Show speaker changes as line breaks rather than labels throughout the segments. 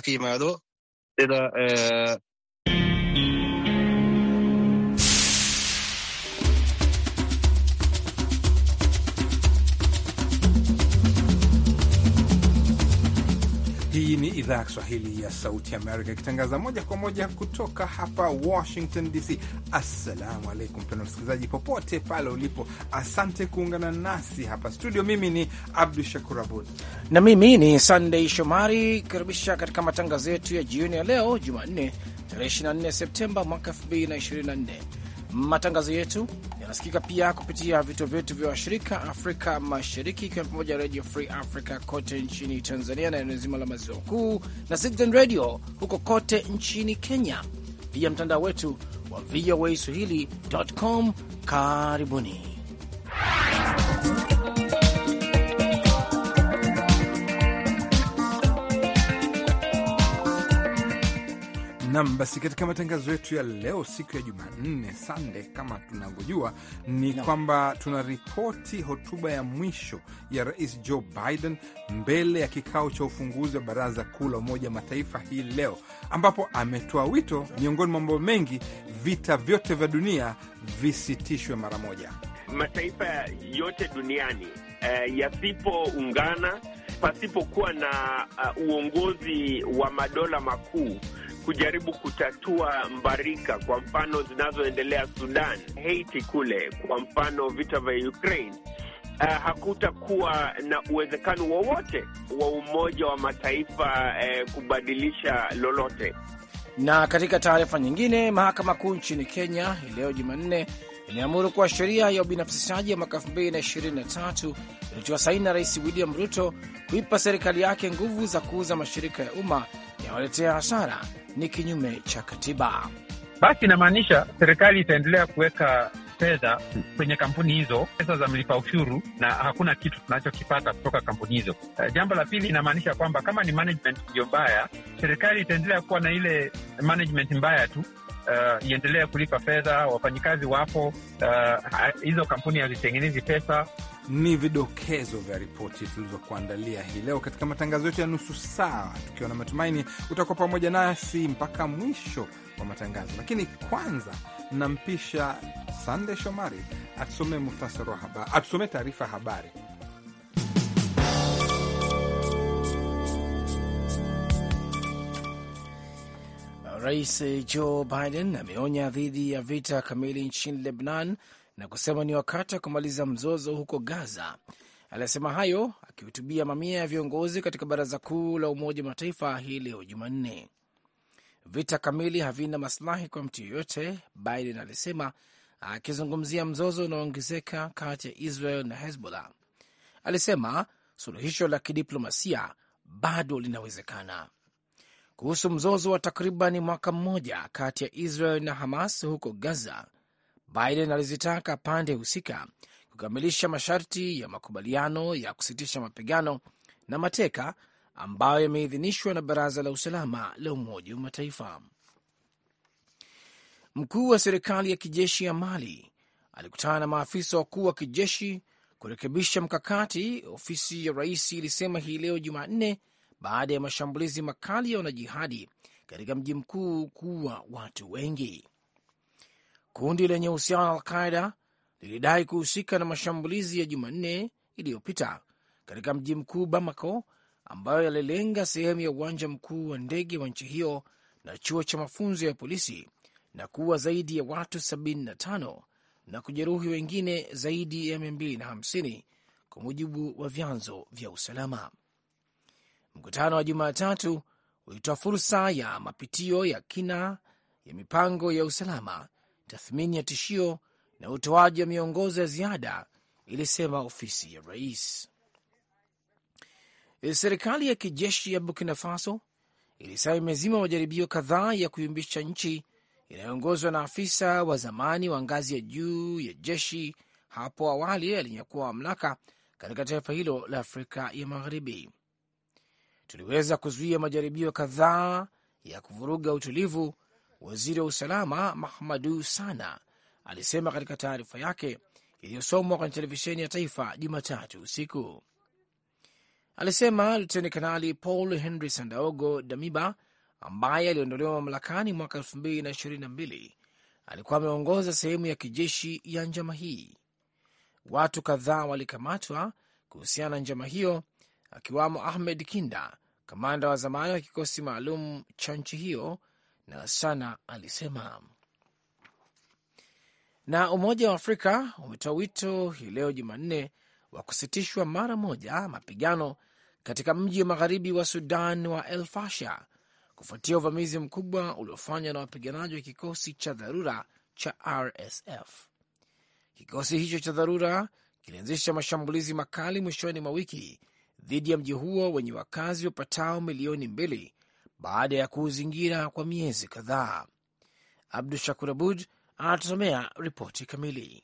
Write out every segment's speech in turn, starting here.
ka yimaado sida
Hii ni idhaa ya Kiswahili ya Sauti Amerika ikitangaza moja kwa moja kutoka hapa Washington DC. Assalamu alaikum pena msikilizaji, popote pale ulipo, asante kuungana nasi hapa studio.
Mimi ni Abdu Shakur Abud na mimi ni Sandei Shomari, karibisha katika matangazo yetu ya jioni ya leo Jumanne tarehe 24 Septemba mwaka 2024. Matangazo yetu yanasikika pia kupitia vituo vyetu vya washirika Afrika Mashariki, ikiwa pamoja Radio Free Africa kote nchini Tanzania na eneo zima la maziwa makuu na Citizen Radio huko kote nchini Kenya, pia mtandao wetu wa VOA Swahili.com. Karibuni.
Nam, basi katika matangazo yetu ya leo, siku ya Jumanne Sande, kama tunavyojua ni no. kwamba tunaripoti hotuba ya mwisho ya Rais Joe Biden mbele ya kikao cha ufunguzi wa Baraza Kuu la Umoja Mataifa hii leo, ambapo ametoa wito, miongoni mwa mambo mengi, vita vyote vya dunia visitishwe mara moja.
Mataifa yote duniani eh, yasipoungana, pasipokuwa na uh, uongozi wa madola makuu kujaribu kutatua mbarika, kwa mfano zinazoendelea Sudan, Haiti kule, kwa mfano vita vya Ukraine. Uh, hakutakuwa na uwezekano wowote wa Umoja wa Mataifa uh, kubadilisha lolote.
Na katika taarifa nyingine, mahakama kuu nchini Kenya hii leo Jumanne imeamuru kuwa sheria ya ubinafsishaji ya mwaka 2023 ilitiwa saini na Rais William Ruto kuipa serikali yake nguvu za kuuza mashirika ya umma yanawaletea hasara ni kinyume cha katiba.
Basi inamaanisha serikali itaendelea kuweka fedha kwenye kampuni hizo, pesa za mlipa ushuru, na hakuna kitu tunachokipata kutoka kampuni hizo. Uh, jambo la pili inamaanisha kwamba kama ni management iliyo mbaya, serikali itaendelea kuwa na ile management mbaya tu. Uh, iendelee kulipa fedha, wafanyikazi wapo, uh,
hizo kampuni hazitengenezi pesa ni vidokezo vya ripoti tulizokuandalia hii leo katika matangazo yetu ya nusu saa, tukiwa na matumaini utakuwa pamoja nasi mpaka mwisho wa matangazo. Lakini kwanza nampisha Sande Shomari atusomee muhtasari wa habari, atusomee taarifa ya habari.
Rais Joe Biden ameonya dhidi ya vita kamili nchini Lebanon na kusema ni wakati wa kumaliza mzozo huko Gaza. Alisema hayo akihutubia mamia ya viongozi katika Baraza Kuu la Umoja wa Mataifa hii leo Jumanne. Vita kamili havina maslahi kwa mtu yoyote Biden alisema akizungumzia mzozo unaoongezeka kati ya Israel na Hezbollah. Alisema suluhisho la kidiplomasia bado linawezekana. Kuhusu mzozo wa takriban mwaka mmoja kati ya Israel na Hamas huko Gaza, Biden alizitaka pande husika kukamilisha masharti ya makubaliano ya kusitisha mapigano na mateka ambayo yameidhinishwa na Baraza la Usalama la Umoja wa Mataifa. Mkuu wa serikali ya kijeshi ya Mali alikutana na maafisa wakuu wa kijeshi kurekebisha mkakati, ofisi ya rais ilisema hii leo Jumanne, baada ya mashambulizi makali ya wanajihadi katika mji mkuu kuwa watu wengi. Kundi lenye uhusiano na Alqaida lilidai kuhusika na mashambulizi ya Jumanne iliyopita katika mji mkuu Bamako, ambayo yalilenga sehemu ya uwanja mkuu wa ndege wa nchi hiyo na chuo cha mafunzo ya polisi na kuua zaidi ya watu 75 na kujeruhi wengine zaidi ya 250 kwa mujibu wa vyanzo vya usalama. Mkutano wa Jumatatu ulitoa fursa ya mapitio ya kina ya mipango ya usalama tathmini ya tishio na utoaji wa miongozo ya ziada, ilisema ofisi ya rais. E, serikali ya kijeshi ya Burkina Faso ilisema imezima majaribio kadhaa ya kuyumbisha nchi inayoongozwa na afisa wa zamani wa ngazi ya juu ya jeshi hapo awali alinyakua mamlaka katika taifa hilo la Afrika ya Magharibi. Tuliweza kuzuia majaribio kadhaa ya kuvuruga utulivu Waziri wa usalama Mahmadu Sana alisema katika taarifa yake iliyosomwa kwenye televisheni ya taifa Jumatatu usiku. Alisema Luteni Kanali Paul Henry Sandaogo Damiba ambaye aliondolewa mamlakani mwaka 2022 alikuwa ameongoza sehemu ya kijeshi ya njama hii. Watu kadhaa walikamatwa kuhusiana na njama hiyo, akiwamo Ahmed Kinda, kamanda wa zamani wa kikosi maalum cha nchi hiyo na sana alisema. Na Umoja wa Afrika umetoa wito hii leo Jumanne wa kusitishwa mara moja mapigano katika mji wa magharibi wa Sudan wa El Fasha kufuatia uvamizi mkubwa uliofanywa na wapiganaji wa kikosi cha dharura cha RSF. Kikosi hicho cha dharura kilianzisha mashambulizi makali mwishoni mwa wiki dhidi ya mji huo wenye wakazi wapatao milioni mbili baada ya kuuzingira kwa miezi kadhaa. Abdu Shakur Abud anatusomea ripoti kamili.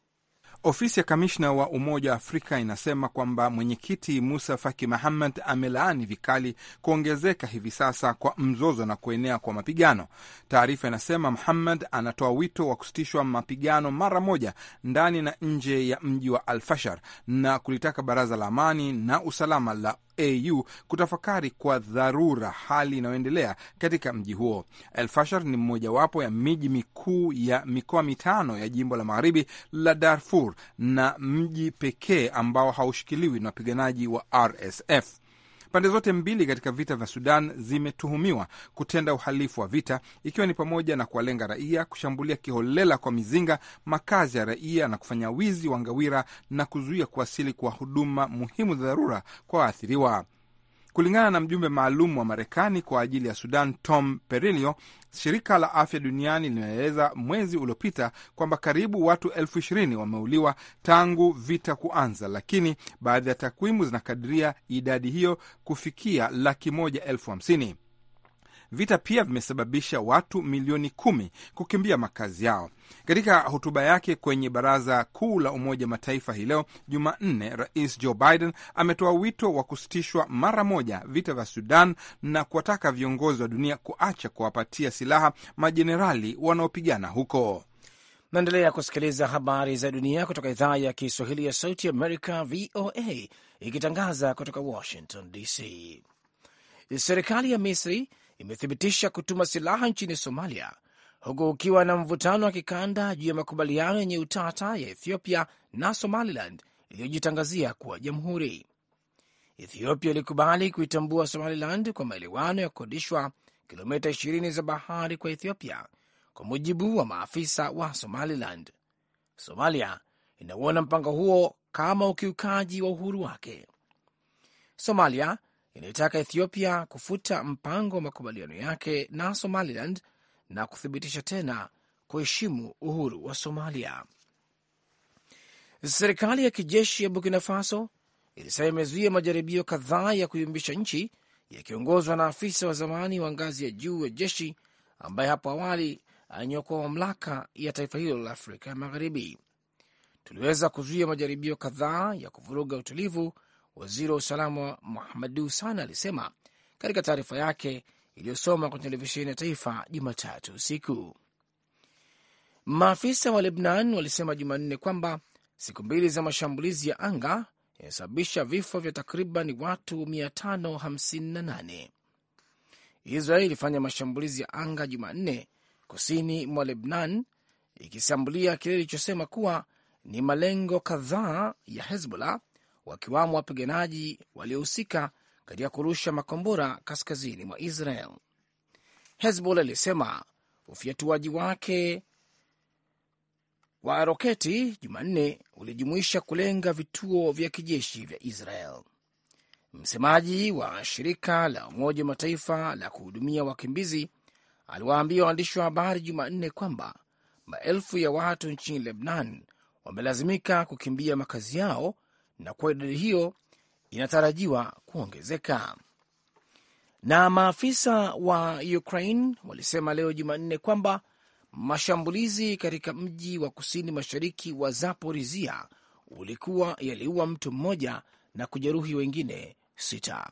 Ofisi ya kamishna wa Umoja wa Afrika inasema kwamba mwenyekiti Musa Faki Mahamad amelaani vikali kuongezeka hivi sasa kwa mzozo na kuenea kwa mapigano. Taarifa inasema Muhammad anatoa wito wa kusitishwa mapigano mara moja ndani na nje ya mji wa alfashar na kulitaka baraza la amani na usalama la au kutafakari kwa dharura hali inayoendelea katika mji huo. elfashar ni mmojawapo ya miji mikuu ya mikoa mitano ya jimbo la magharibi la Darfur na mji pekee ambao haushikiliwi na wapiganaji wa RSF. Pande zote mbili katika vita vya Sudan zimetuhumiwa kutenda uhalifu wa vita, ikiwa ni pamoja na kuwalenga raia, kushambulia kiholela kwa mizinga makazi ya raia na kufanya wizi wa ngawira na kuzuia kuwasili kwa huduma muhimu za dharura kwa waathiriwa. Kulingana na mjumbe maalum wa Marekani kwa ajili ya Sudan, Tom Perilio, shirika la afya duniani linaeleza mwezi uliopita kwamba karibu watu elfu ishirini wameuliwa tangu vita kuanza, lakini baadhi ya takwimu zinakadiria idadi hiyo kufikia laki moja elfu hamsini. Vita pia vimesababisha watu milioni kumi kukimbia makazi yao. Katika hotuba yake kwenye Baraza Kuu la Umoja Mataifa hii leo Jumanne, Rais Joe Biden ametoa wito wa kusitishwa mara moja vita vya Sudan na kuwataka viongozi wa dunia kuacha kuwapatia silaha majenerali wanaopigana huko. Naendelea
kusikiliza habari za dunia kutoka idhaa ya Kiswahili ya Sauti Amerika, VOA, ikitangaza kutoka Washington DC. Serikali ya Misri imethibitisha kutuma silaha nchini Somalia, huku ukiwa na mvutano wa kikanda juu ya makubaliano yenye utata ya Ethiopia na Somaliland iliyojitangazia kuwa jamhuri. Ethiopia ilikubali kuitambua Somaliland kwa maelewano ya kukodishwa kilomita 20 za bahari kwa Ethiopia, kwa mujibu wa maafisa wa Somaliland. Somalia inauona mpango huo kama ukiukaji wa uhuru wake. Somalia inayotaka Ethiopia kufuta mpango wa makubaliano yake na Somaliland na kuthibitisha tena kuheshimu uhuru wa Somalia. Serikali ya kijeshi ya Burkina Faso ilisema imezuia majaribio kadhaa ya kuyumbisha nchi yakiongozwa na afisa wa zamani wa ngazi ya juu ya jeshi ambaye hapo awali anyokoa mamlaka ya taifa hilo la Afrika ya Magharibi. Tuliweza kuzuia majaribio kadhaa ya kuvuruga utulivu Waziri wa usalama Muhamadu Sana alisema katika taarifa yake iliyosoma kwenye televisheni ya taifa Jumatatu usiku. Maafisa wa Lebnan walisema Jumanne kwamba siku mbili za mashambulizi ya anga yamesababisha vifo vya takriban watu 558. Israel ilifanya mashambulizi ya anga Jumanne kusini mwa Lebnan, ikishambulia kile ilichosema kuwa ni malengo kadhaa ya Hezbollah wakiwamo wapiganaji waliohusika katika kurusha makombora kaskazini mwa Israel. Hezbollah ilisema ufyatuaji wake wa roketi Jumanne ulijumuisha kulenga vituo vya kijeshi vya Israel. Msemaji wa shirika la Umoja wa Mataifa la kuhudumia wakimbizi aliwaambia waandishi wa habari Jumanne kwamba maelfu ya watu nchini Lebanon wamelazimika kukimbia makazi yao na kuwa idadi hiyo inatarajiwa kuongezeka. Na maafisa wa Ukraine walisema leo Jumanne kwamba mashambulizi katika mji wa kusini mashariki wa Zaporizia ulikuwa yaliua mtu mmoja na kujeruhi wengine sita.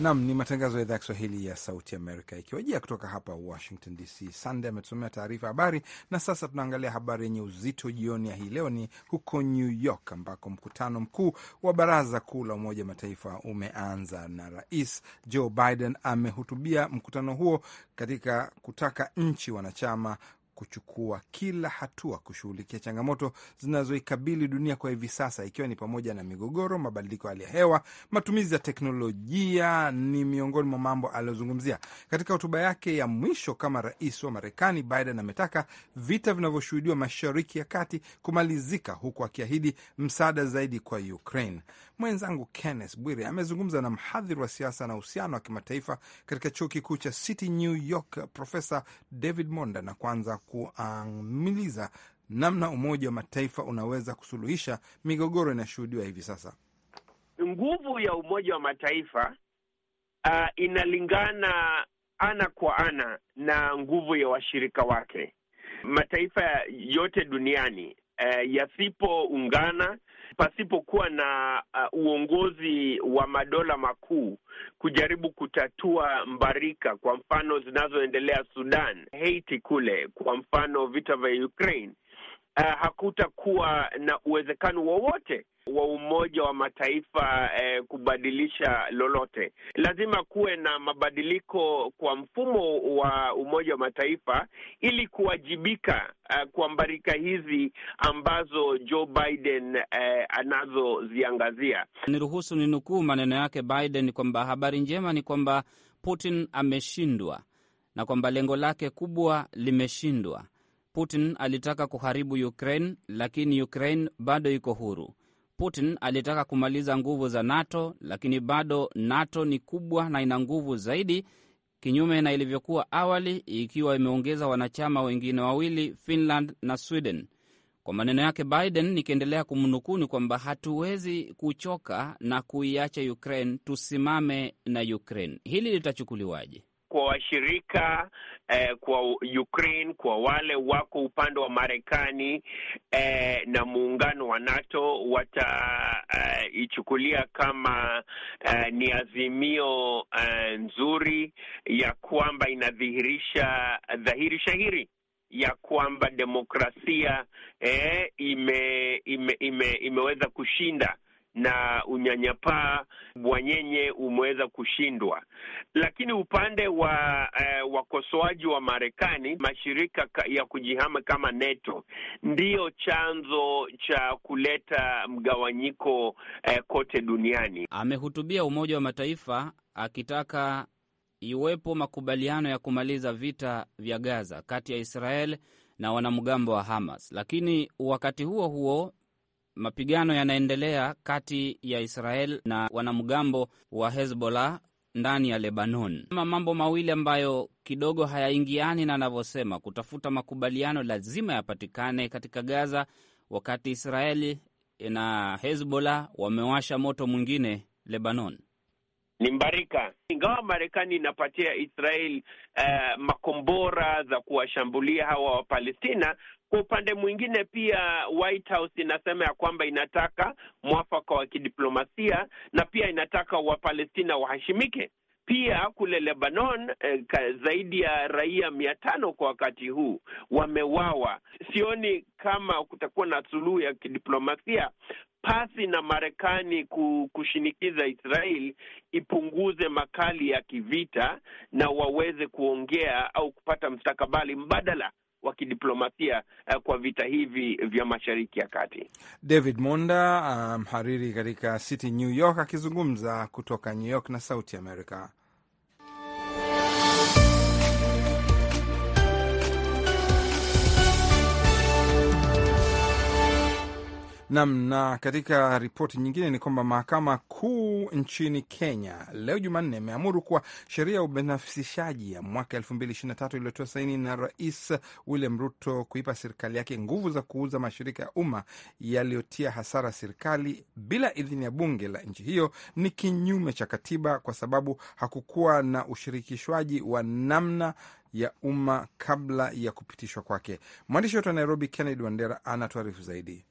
Nam ni matangazo ya idhaa ya Kiswahili ya Sauti Amerika ikiwajia kutoka hapa Washington DC. Sande ametusomea taarifa habari, na sasa tunaangalia habari yenye uzito jioni ya hii leo. Ni huko New York ambako mkutano mkuu wa Baraza Kuu la Umoja Mataifa umeanza na Rais Joe Biden amehutubia mkutano huo katika kutaka nchi wanachama kuchukua kila hatua kushughulikia changamoto zinazoikabili dunia kwa hivi sasa, ikiwa ni pamoja na migogoro, mabadiliko ya hali ya hewa, matumizi ya teknolojia ni miongoni mwa mambo aliyozungumzia katika hotuba yake ya mwisho kama rais wa Marekani. Biden ametaka vita vinavyoshuhudiwa Mashariki ya Kati kumalizika, huku akiahidi msaada zaidi kwa Ukraine. Mwenzangu Kenneth Bwire amezungumza na mhadhiri wa siasa na uhusiano wa kimataifa katika chuo kikuu cha City New York, Profesa David Monda, na kwanza kuamiliza namna Umoja wa Mataifa unaweza kusuluhisha migogoro inayoshuhudiwa hivi sasa.
Nguvu ya Umoja wa Mataifa uh, inalingana ana kwa ana na nguvu ya washirika wake. Mataifa yote duniani uh, yasipoungana pasipokuwa na uh, uongozi wa madola makuu kujaribu kutatua mbarika, kwa mfano zinazoendelea Sudan, Haiti kule, kwa mfano vita vya Ukraine uh, hakutakuwa na uwezekano wowote wa Umoja wa Mataifa eh, kubadilisha lolote. Lazima kuwe na mabadiliko kwa mfumo wa Umoja wa Mataifa ili kuwajibika eh, kwa mbarika hizi ambazo Joe Biden eh,
anazoziangazia. Niruhusu ninukuu maneno yake Biden kwamba habari njema ni kwamba Putin ameshindwa na kwamba lengo lake kubwa limeshindwa Putin alitaka kuharibu Ukraine, lakini Ukraine bado iko huru. Putin alitaka kumaliza nguvu za NATO, lakini bado NATO ni kubwa na ina nguvu zaidi, kinyume na ilivyokuwa awali, ikiwa imeongeza wanachama wengine wawili, Finland na Sweden. Kwa maneno yake Biden, nikiendelea kumnukuu, ni kwamba hatuwezi kuchoka na kuiacha Ukraine, tusimame na Ukraine. Hili litachukuliwaje?
kwa washirika eh, kwa Ukraine, kwa wale wako upande wa Marekani eh, na muungano wa NATO wataichukulia eh, kama eh, ni azimio eh, nzuri ya kwamba inadhihirisha dhahiri shahiri ya kwamba demokrasia eh, ime, ime, ime, imeweza kushinda na unyanyapaa bwanyenye umeweza kushindwa. Lakini upande wa eh, wakosoaji wa Marekani, mashirika ya kujihama kama NATO ndiyo chanzo cha kuleta
mgawanyiko eh, kote duniani. Amehutubia Umoja wa Mataifa akitaka iwepo makubaliano ya kumaliza vita vya Gaza kati ya Israel na wanamgambo wa Hamas, lakini wakati huo huo mapigano yanaendelea kati ya Israel na wanamgambo wa Hezbollah ndani ya Lebanon. Ama mambo mawili ambayo kidogo hayaingiani na anavyosema, kutafuta makubaliano lazima yapatikane katika Gaza, wakati Israeli na Hezbollah wamewasha moto mwingine Lebanon.
Ni mbarika ingawa Marekani inapatia Israel uh, makombora za kuwashambulia hawa Wapalestina, kwa upande mwingine pia White House inasema ya kwamba inataka mwafaka wa kidiplomasia na pia inataka Wapalestina waheshimike. Pia kule Lebanon eh, zaidi ya raia mia tano kwa wakati huu wamewawa. Sioni kama kutakuwa na suluhu ya kidiplomasia pasi na Marekani kushinikiza Israel ipunguze makali ya kivita na waweze kuongea au kupata mstakabali mbadala wa kidiplomasia uh, eh, kwa vita hivi vya Mashariki ya Kati.
David Monda, eh, mhariri um, katika City New York, akizungumza kutoka New York na Sauti america Nam. Na katika ripoti nyingine ni kwamba mahakama kuu nchini Kenya leo Jumanne imeamuru kuwa sheria ya ubinafsishaji ya mwaka tatu iliyotoa saini na Rais William Ruto kuipa serikali yake nguvu za kuuza mashirika ya umma yaliyotia hasara serikali bila idhini ya bunge la nchi hiyo ni kinyume cha katiba, kwa sababu hakukuwa na ushirikishwaji wa namna ya umma kabla ya kupitishwa kwake. Mwandishi wetu wa Nairobi, Kennedy Wandera, anatuarifu zaidi.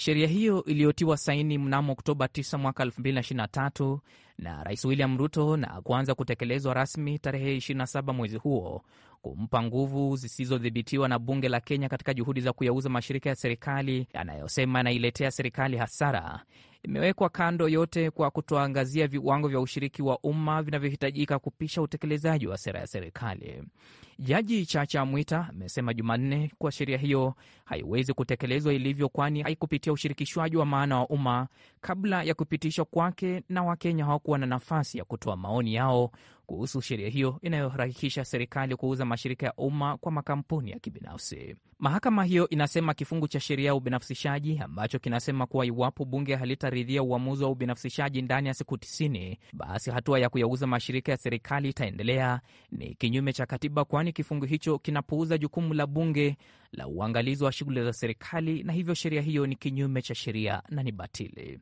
Sheria hiyo iliyotiwa saini mnamo Oktoba 9 mwaka 2023 na Rais William Ruto na kuanza kutekelezwa rasmi tarehe 27 mwezi huo kumpa nguvu zisizodhibitiwa na bunge la Kenya katika juhudi za kuyauza mashirika ya serikali yanayosema yanailetea serikali hasara imewekwa kando yote kwa kutoangazia viwango vya ushiriki wa umma vinavyohitajika kupisha utekelezaji wa sera ya serikali. Jaji Chacha Mwita amesema Jumanne kuwa sheria hiyo haiwezi kutekelezwa ilivyo, kwani haikupitia ushirikishwaji wa maana wa umma kabla ya kupitishwa kwake, na Wakenya hawakuwa na nafasi ya kutoa maoni yao kuhusu sheria hiyo inayorahisisha serikali kuuza mashirika ya umma kwa makampuni ya kibinafsi. Mahakama hiyo inasema kifungu cha sheria ya ubinafsishaji ambacho kinasema kuwa iwapo bunge halitaridhia uamuzi wa ubinafsishaji ndani ya siku 90 basi hatua ya kuyauza mashirika ya serikali itaendelea, ni kinyume cha katiba, kwani kifungu hicho kinapuuza jukumu la bunge la uangalizi wa shughuli za serikali, na hivyo sheria hiyo ni kinyume cha sheria na ni batili.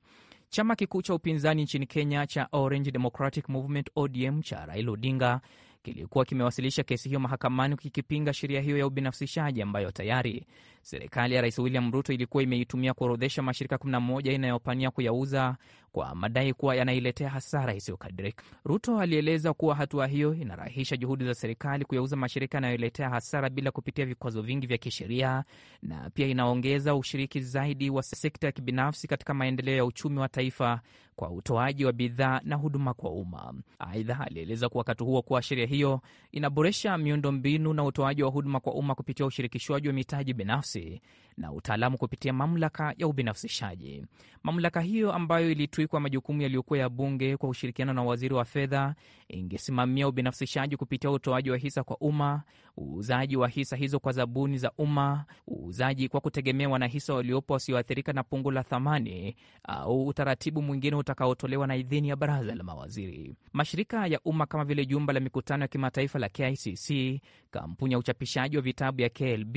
Chama kikuu cha upinzani nchini Kenya cha Orange Democratic Movement ODM cha Raila Odinga kilikuwa kimewasilisha kesi hiyo mahakamani kikipinga sheria hiyo ya ubinafsishaji ambayo tayari Serikali ya Rais William Ruto ilikuwa imeitumia kuorodhesha mashirika 11 inayopania kuyauza kwa madai kuwa yanailetea hasara isiyokadirika. Ruto alieleza kuwa hatua hiyo inarahisha juhudi za serikali kuyauza mashirika yanayoiletea hasara bila kupitia vikwazo vingi vya kisheria na pia inaongeza ushiriki zaidi wa sekta ya kibinafsi katika maendeleo ya uchumi wa taifa kwa utoaji wa bidhaa na huduma kwa umma. Aidha, alieleza kwa wakati huo kuwa sheria hiyo inaboresha miundo mbinu na utoaji wa huduma kwa umma kupitia ushirikishwaji wa mitaji binafsi binafsi na utaalamu kupitia mamlaka ya ubinafsishaji. Mamlaka hiyo ambayo ilitwikwa majukumu yaliyokuwa ya bunge kwa ushirikiano na waziri wa fedha, ingesimamia ubinafsishaji kupitia utoaji wa hisa kwa umma, uuzaji wa hisa hizo kwa zabuni za umma, uuzaji kwa kutegemea wanahisa waliopo wasioathirika na pungu la thamani, au utaratibu mwingine utakaotolewa na idhini ya baraza la mawaziri. Mashirika ya umma kama vile jumba la mikutano ya kimataifa la KICC, kampuni ya uchapishaji wa vitabu ya KLB,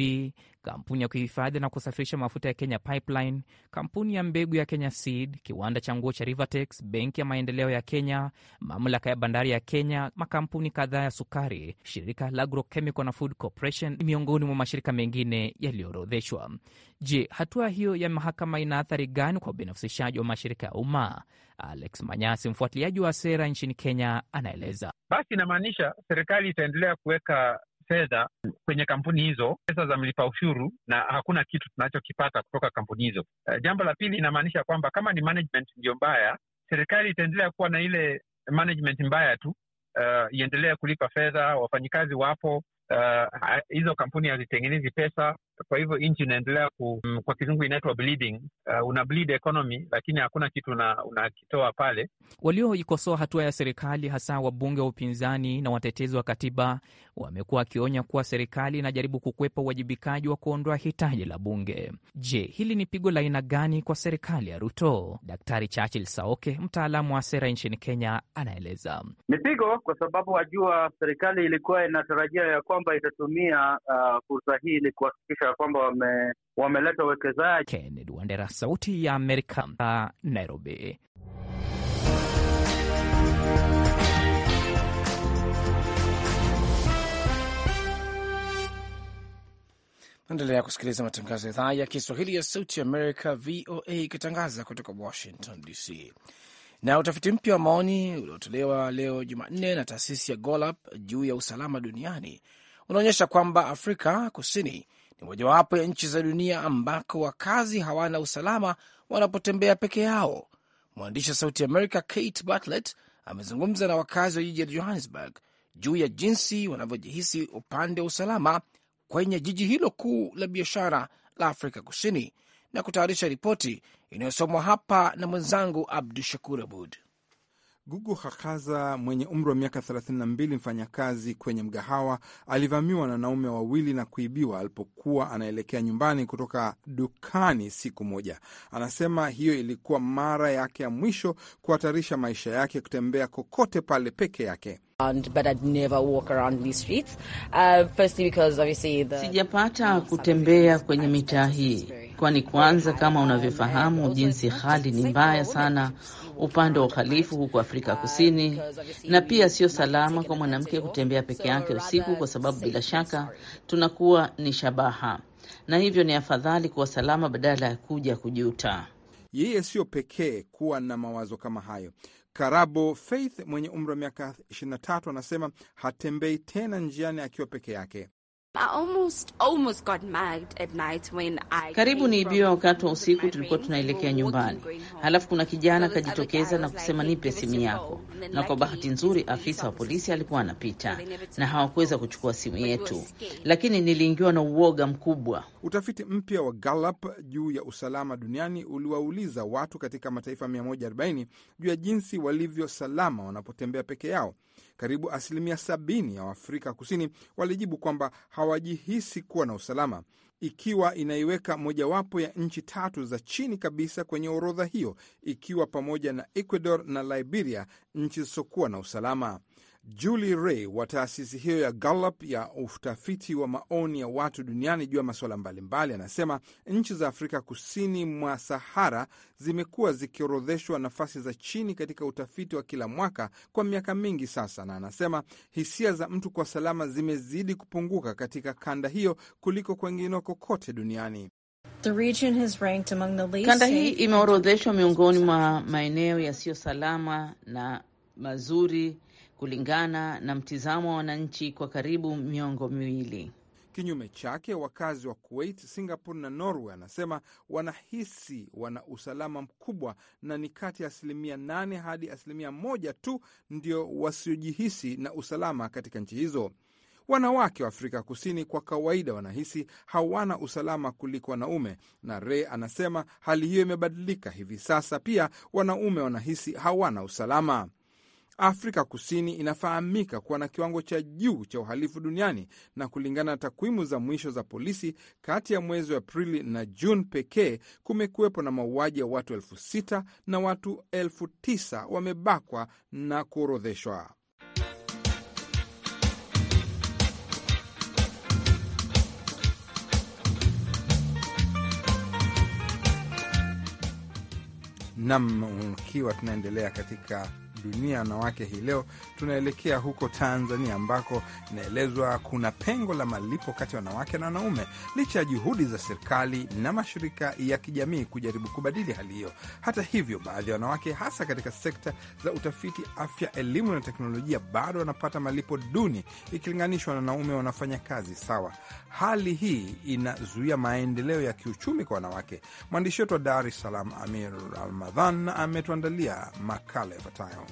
kampuni ya kuhifadhi na kusafirisha mafuta ya Kenya Pipeline, kampuni ya mbegu ya Kenya Seed, kiwanda cha nguo cha Rivertex, benki ya maendeleo ya Kenya, mamlaka ya bandari ya Kenya, makampuni kadhaa ya sukari, shirika la agrochemical Rwana Food Corporation miongoni mwa mashirika mengine yaliyoorodheshwa. Je, hatua hiyo ya mahakama ina athari gani kwa ubinafsishaji wa mashirika ya umma? Alex Manyasi, mfuatiliaji wa sera nchini Kenya, anaeleza.
Basi inamaanisha serikali itaendelea kuweka fedha kwenye kampuni hizo, pesa za mlipa ushuru, na hakuna kitu tunachokipata kutoka kampuni hizo. Uh, jambo la pili inamaanisha kwamba kama ni management mbaya, serikali itaendelea kuwa na ile management mbaya tu, uh, iendelee kulipa fedha, wafanyikazi wapo, Uh, hizo uh, kampuni hazitengenezi pesa. Kwa hivyo nchi inaendelea ku, um, kwa kizungu inaitwa bleeding. Uh, una bleed economy, lakini hakuna kitu unakitoa una pale.
Walioikosoa hatua ya serikali, hasa wabunge wa upinzani na watetezi wa katiba, wamekuwa wakionya kuwa serikali inajaribu kukwepa uwajibikaji wa kuondoa hitaji la bunge. Je, hili ni pigo la aina gani kwa serikali ya Ruto? Daktari chachil Saoke, mtaalamu wa sera nchini Kenya, anaeleza.
Ni pigo kwa sababu wajua, serikali ilikuwa inatarajia ya kwa kwamba itatumia uh, fursa hii ili kuhakikisha kwamba wame, wameleta uwekezaji. Kennedy
Wandera, Sauti ya Amerika, uh, Nairobi.
kusikiliza matangazo ya idhaa ya Kiswahili ya Sauti ya Amerika, VOA, ikitangaza kutoka Washington DC. Na utafiti mpya wa maoni uliotolewa leo Jumanne na taasisi ya Gallup juu ya usalama duniani unaonyesha kwamba Afrika Kusini ni mojawapo ya nchi za dunia ambako wakazi hawana usalama wanapotembea peke yao. Mwandishi wa Sauti Amerika Kate Bartlett amezungumza na wakazi wa jiji la Johannesburg juu ya jinsi wanavyojihisi upande wa usalama kwenye jiji hilo kuu la biashara la Afrika Kusini na kutayarisha ripoti inayosomwa hapa na mwenzangu Abdu Shakur Abud. Gugu Hakaza mwenye umri wa miaka
32, mfanyakazi kwenye mgahawa, alivamiwa na wanaume wawili na kuibiwa alipokuwa anaelekea nyumbani kutoka dukani siku moja. Anasema hiyo ilikuwa mara yake ya mwisho kuhatarisha maisha yake kutembea kokote pale peke yake.
Uh,
Sijapata kutembea kwenye mitaa hii, kwani kwanza, kama unavyofahamu jinsi hali ni mbaya sana upande wa uhalifu huko Afrika Kusini, na pia sio salama kwa mwanamke kutembea peke yake usiku, kwa sababu bila shaka tunakuwa ni shabaha, na hivyo ni afadhali kuwa salama badala ya kuja kujuta. Yeye siyo
pekee kuwa na mawazo kama hayo. Karabo Faith mwenye umri wa miaka 23 anasema hatembei tena njiani akiwa peke yake
karibu niibiwa
wakati wa usiku tulikuwa tunaelekea nyumbani, halafu kuna kijana akajitokeza na kusema nipe simu yako, na kwa bahati nzuri afisa wa polisi alikuwa anapita na hawakuweza kuchukua simu yetu, lakini niliingiwa na uoga mkubwa.
Utafiti mpya wa Gallup juu ya usalama duniani uliwauliza watu katika mataifa 140 juu ya jinsi walivyo salama wanapotembea peke yao karibu asilimia sabini ya Waafrika Kusini walijibu kwamba hawajihisi kuwa na usalama, ikiwa inaiweka mojawapo ya nchi tatu za chini kabisa kwenye orodha hiyo, ikiwa pamoja na Ecuador na Liberia, nchi zisizokuwa na usalama. Julie Ray wa taasisi hiyo ya Gallup ya utafiti wa maoni ya watu duniani juu ya masuala mbalimbali, anasema nchi za Afrika kusini mwa Sahara zimekuwa zikiorodheshwa nafasi za chini katika utafiti wa kila mwaka kwa miaka mingi sasa, na anasema hisia za mtu kwa salama zimezidi kupunguka katika kanda hiyo kuliko kwengineko
kote duniani. Kanda hii imeorodheshwa miongoni mwa maeneo yasiyo salama na mazuri kulingana na mtizamo wa wananchi kwa karibu miongo miwili.
Kinyume chake, wakazi wa Kuwait, Singapore na Norway anasema wanahisi wana usalama mkubwa na ni kati ya asilimia nane hadi asilimia moja tu ndio wasiojihisi na usalama katika nchi hizo. Wanawake wa Afrika Kusini kwa kawaida wanahisi hawana usalama kuliko wanaume, na Ray anasema hali hiyo imebadilika hivi sasa. Pia wanaume wanahisi hawana usalama. Afrika Kusini inafahamika kuwa na kiwango cha juu cha uhalifu duniani, na kulingana na takwimu za mwisho za polisi, kati ya mwezi wa Aprili na Juni pekee kumekuwepo na mauaji ya watu elfu sita na watu elfu tisa wamebakwa na kuorodheshwa. Nam, ukiwa tunaendelea katika dunia ya wanawake hii leo, tunaelekea huko Tanzania ambako inaelezwa kuna pengo la malipo kati ya wanawake na wanaume licha ya juhudi za serikali na mashirika ya kijamii kujaribu kubadili hali hiyo. Hata hivyo, baadhi ya wanawake hasa katika sekta za utafiti, afya, elimu na teknolojia bado wanapata malipo duni ikilinganishwa na wanaume wanafanya kazi sawa. Hali hii inazuia maendeleo ya kiuchumi kwa wanawake. Mwandishi wetu wa Dar es Salaam, Amir Ramadhan, ametuandalia makala ifuatayo.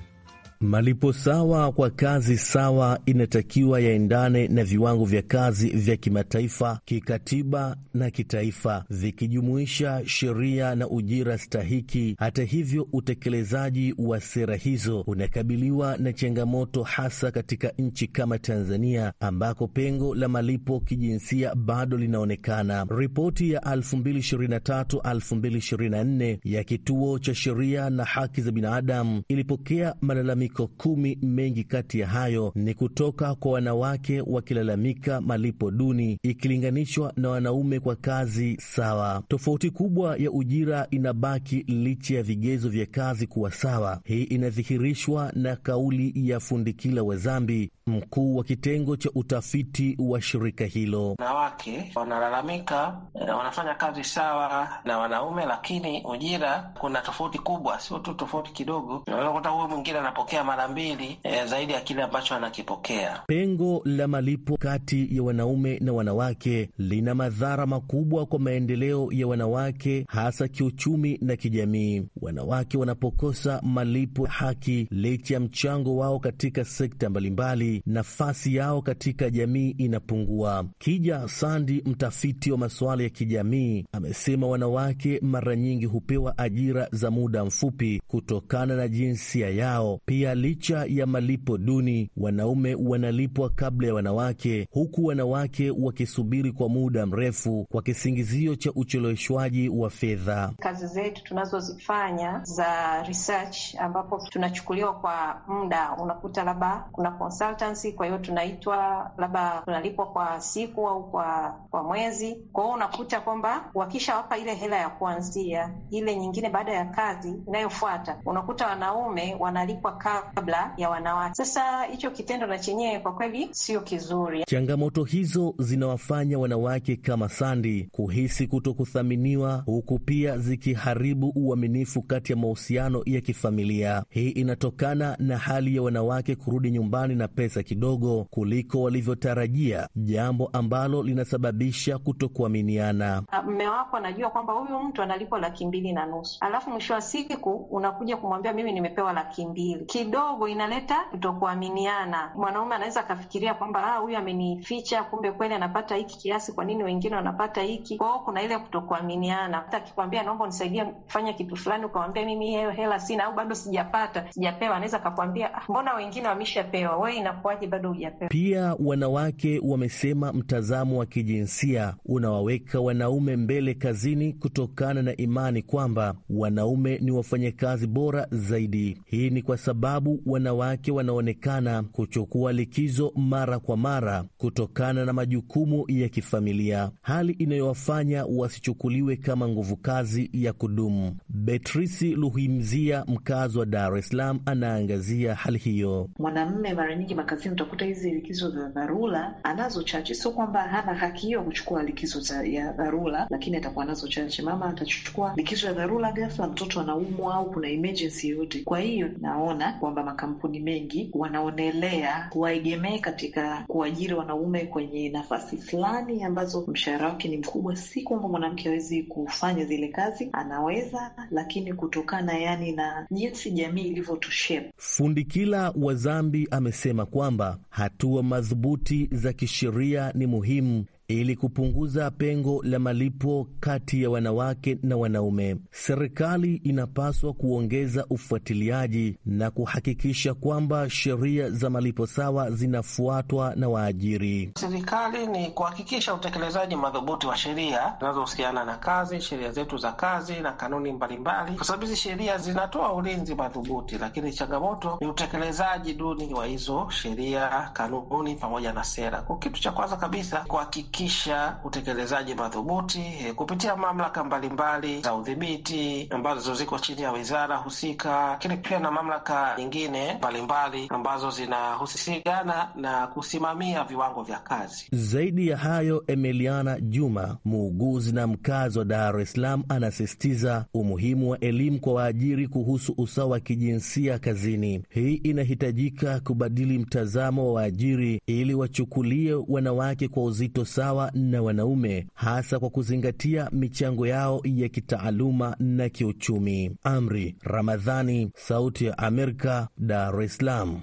Malipo sawa kwa kazi sawa inatakiwa yaendane na viwango vya kazi vya kimataifa, kikatiba na kitaifa, vikijumuisha sheria na ujira stahiki. Hata hivyo, utekelezaji wa sera hizo unakabiliwa na changamoto, hasa katika nchi kama Tanzania ambako pengo la malipo kijinsia bado linaonekana. Ripoti ya 2023/2024 ya Kituo cha Sheria na Haki za Binadamu ilipokea malalamiko malalamiko kumi, mengi kati ya hayo ni kutoka kwa wanawake wakilalamika malipo duni ikilinganishwa na wanaume kwa kazi sawa. Tofauti kubwa ya ujira inabaki licha ya vigezo vya kazi kuwa sawa. Hii inadhihirishwa na kauli ya Fundikila Wazambi, mkuu wa kitengo cha utafiti wa shirika hilo.
Wanawake wanalalamika eh, wanafanya kazi sawa na wanaume, lakini ujira kuna tofauti kubwa, sio tu tofauti kidogo. kukuta huyo mwingine anapokea anapokea mara mbili e, zaidi ya kile ambacho
anakipokea. Pengo la malipo kati ya wanaume na wanawake lina madhara makubwa kwa maendeleo ya wanawake, hasa kiuchumi na kijamii. Wanawake wanapokosa malipo ya haki, licha ya mchango wao katika sekta mbalimbali, nafasi yao katika jamii inapungua. Kija Sandi, mtafiti wa masuala ya kijamii, amesema wanawake mara nyingi hupewa ajira za muda mfupi kutokana na jinsia yao. Pia pia licha ya malipo duni, wanaume wanalipwa kabla ya wanawake, huku wanawake wakisubiri kwa muda mrefu kwa kisingizio cha ucheleweshwaji wa fedha.
Kazi zetu tunazozifanya za research, ambapo tunachukuliwa kwa muda, unakuta labda kuna consultancy, kwa hiyo tunaitwa labda tunalipwa kwa siku au kwa kwa mwezi. Kwa hiyo unakuta kwamba wakishawapa ile hela ya kuanzia, ile nyingine baada ya kazi inayofuata unakuta wanaume wanalipwa kazi kabla ya wanawake. Sasa hicho kitendo na chenyewe kwa kweli sio kizuri.
Changamoto hizo zinawafanya wanawake kama Sandi kuhisi kutokuthaminiwa, huku pia zikiharibu uaminifu kati ya mahusiano ya kifamilia. Hii inatokana na hali ya wanawake kurudi nyumbani na pesa kidogo kuliko walivyotarajia, jambo ambalo linasababisha kutokuaminiana.
Ah, Mme wako anajua kwamba huyu mtu analipwa laki mbili na nusu alafu mwisho wa siku unakuja kumwambia mimi nimepewa laki mbili kidogo inaleta kutokuaminiana. Mwanaume anaweza akafikiria kwamba ah, huyu amenificha, kumbe kweli anapata hiki kiasi, kwa nini wengine wanapata hiki? Kwao kuna ile kutokuaminiana. Hata akikwambia naomba unisaidie kufanya kitu fulani, ukamwambia mimi hiyo hela sina, au bado sijapata, sijapewa, anaweza akakwambia ah, mbona wengine wameshapewa, wewe inakuwaje bado hujapewa?
Pia wanawake wamesema mtazamo wa kijinsia unawaweka wanaume mbele kazini kutokana na imani kwamba wanaume ni wafanyakazi bora zaidi. Hii ni kwa sababu sababu wanawake wanaonekana kuchukua likizo mara kwa mara kutokana na majukumu ya kifamilia, hali inayowafanya wasichukuliwe kama nguvu kazi ya kudumu. Beatrice Luhimzia, mkazi wa Dar es Salaam, anaangazia hali hiyo.
Mwanamme mara nyingi makazini, utakuta hizi likizo za dharura anazo chache, sio kwamba hana haki hiyo kuchukua likizo za ya dharura, lakini atakuwa nazo chache. Mama atachukua likizo ya dharura, ghafla mtoto anaumwa au kuna emergency yoyote. Kwa hiyo naona kwamba makampuni mengi wanaonelea waegemee katika kuajiri wanaume kwenye nafasi fulani ambazo mshahara wake ni mkubwa. Si kwamba mwanamke hawezi kufanya zile kazi, anaweza, lakini kutokana yani na jinsi jamii ilivyotoshea
Fundi Kila wa Zambi amesema kwamba hatua madhubuti za kisheria ni muhimu ili kupunguza pengo la malipo kati ya wanawake na wanaume. Serikali inapaswa kuongeza ufuatiliaji na kuhakikisha kwamba sheria za malipo sawa zinafuatwa na waajiri.
Serikali ni kuhakikisha utekelezaji madhubuti wa sheria zinazohusiana na kazi, sheria zetu za kazi na kanuni mbalimbali, kwa sababu hizi sheria zinatoa ulinzi madhubuti, lakini changamoto ni utekelezaji duni wa hizo sheria, kanuni pamoja na sera. Kwa kitu cha kwanza kabisa kuhakikisha kuhakikisha utekelezaji madhubuti eh, kupitia mamlaka mbalimbali za udhibiti ambazo ziko chini ya wizara husika, lakini pia na mamlaka nyingine mbalimbali ambazo zinahusiana na kusimamia viwango vya kazi.
Zaidi ya hayo, Emeliana Juma, muuguzi na mkazi wa Dar es Salaam, anasisitiza umuhimu wa elimu kwa waajiri kuhusu usawa wa kijinsia kazini. Hii inahitajika kubadili mtazamo wa waajiri ili wachukulie wanawake kwa uzito sana sawa na wanaume, hasa kwa kuzingatia michango yao ya kitaaluma na kiuchumi. Amri Ramadhani, Sauti ya Amerika, Dar es Salaam.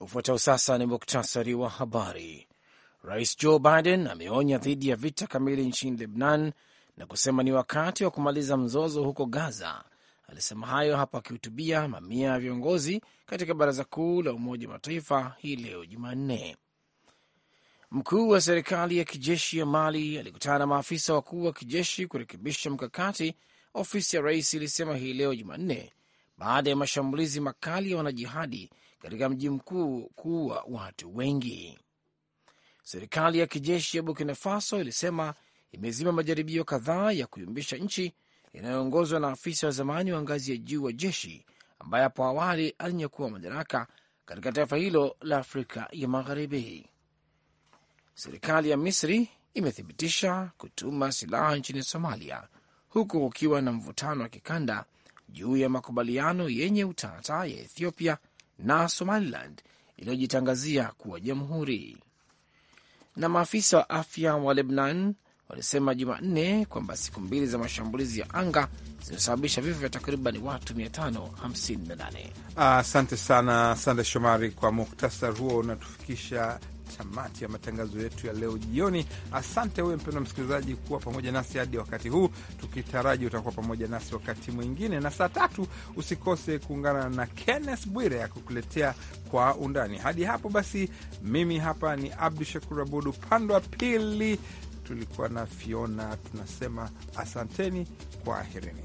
Ufuatao sasa ni muktasari wa habari. Rais Joe Biden ameonya dhidi ya vita kamili nchini Lebanon na kusema ni wakati wa kumaliza mzozo huko Gaza Alisema hayo hapo akihutubia mamia ya viongozi katika baraza kuu la Umoja wa Mataifa hii leo Jumanne. Mkuu wa serikali ya kijeshi ya Mali alikutana na maafisa wakuu wa kijeshi kurekebisha mkakati, ofisi ya rais ilisema hii leo Jumanne, baada ya mashambulizi makali ya wanajihadi katika mji mkuu kuua watu wengi. Serikali ya kijeshi ya Burkina Faso ilisema imezima majaribio kadhaa ya kuyumbisha nchi inayoongozwa na afisa wa zamani wa ngazi ya juu wa jeshi ambaye hapo awali alinyakua madaraka katika taifa hilo la Afrika ya Magharibi. Serikali ya Misri imethibitisha kutuma silaha nchini Somalia, huku kukiwa na mvutano wa kikanda juu ya makubaliano yenye utata ya Ethiopia na Somaliland iliyojitangazia kuwa jamhuri. Na maafisa wa afya wa Lebnan walisema Jumanne kwamba siku mbili za mashambulizi ya anga zimesababisha vifo vya takriban watu 558.
Asante ah, sana Sande Shomari kwa muktasar huo unatufikisha tamati ya matangazo yetu ya leo jioni. Asante wewe mpendwa msikilizaji kuwa pamoja nasi hadi wakati huu, tukitaraji utakuwa pamoja nasi wakati mwingine, na saa tatu usikose kuungana na Kenneth Bwire ya kukuletea kwa undani. Hadi hapo basi, mimi hapa ni Abdu Shakur Abudu, pande wa pili tulikuwa na Fiona, tunasema asanteni, kwa aherini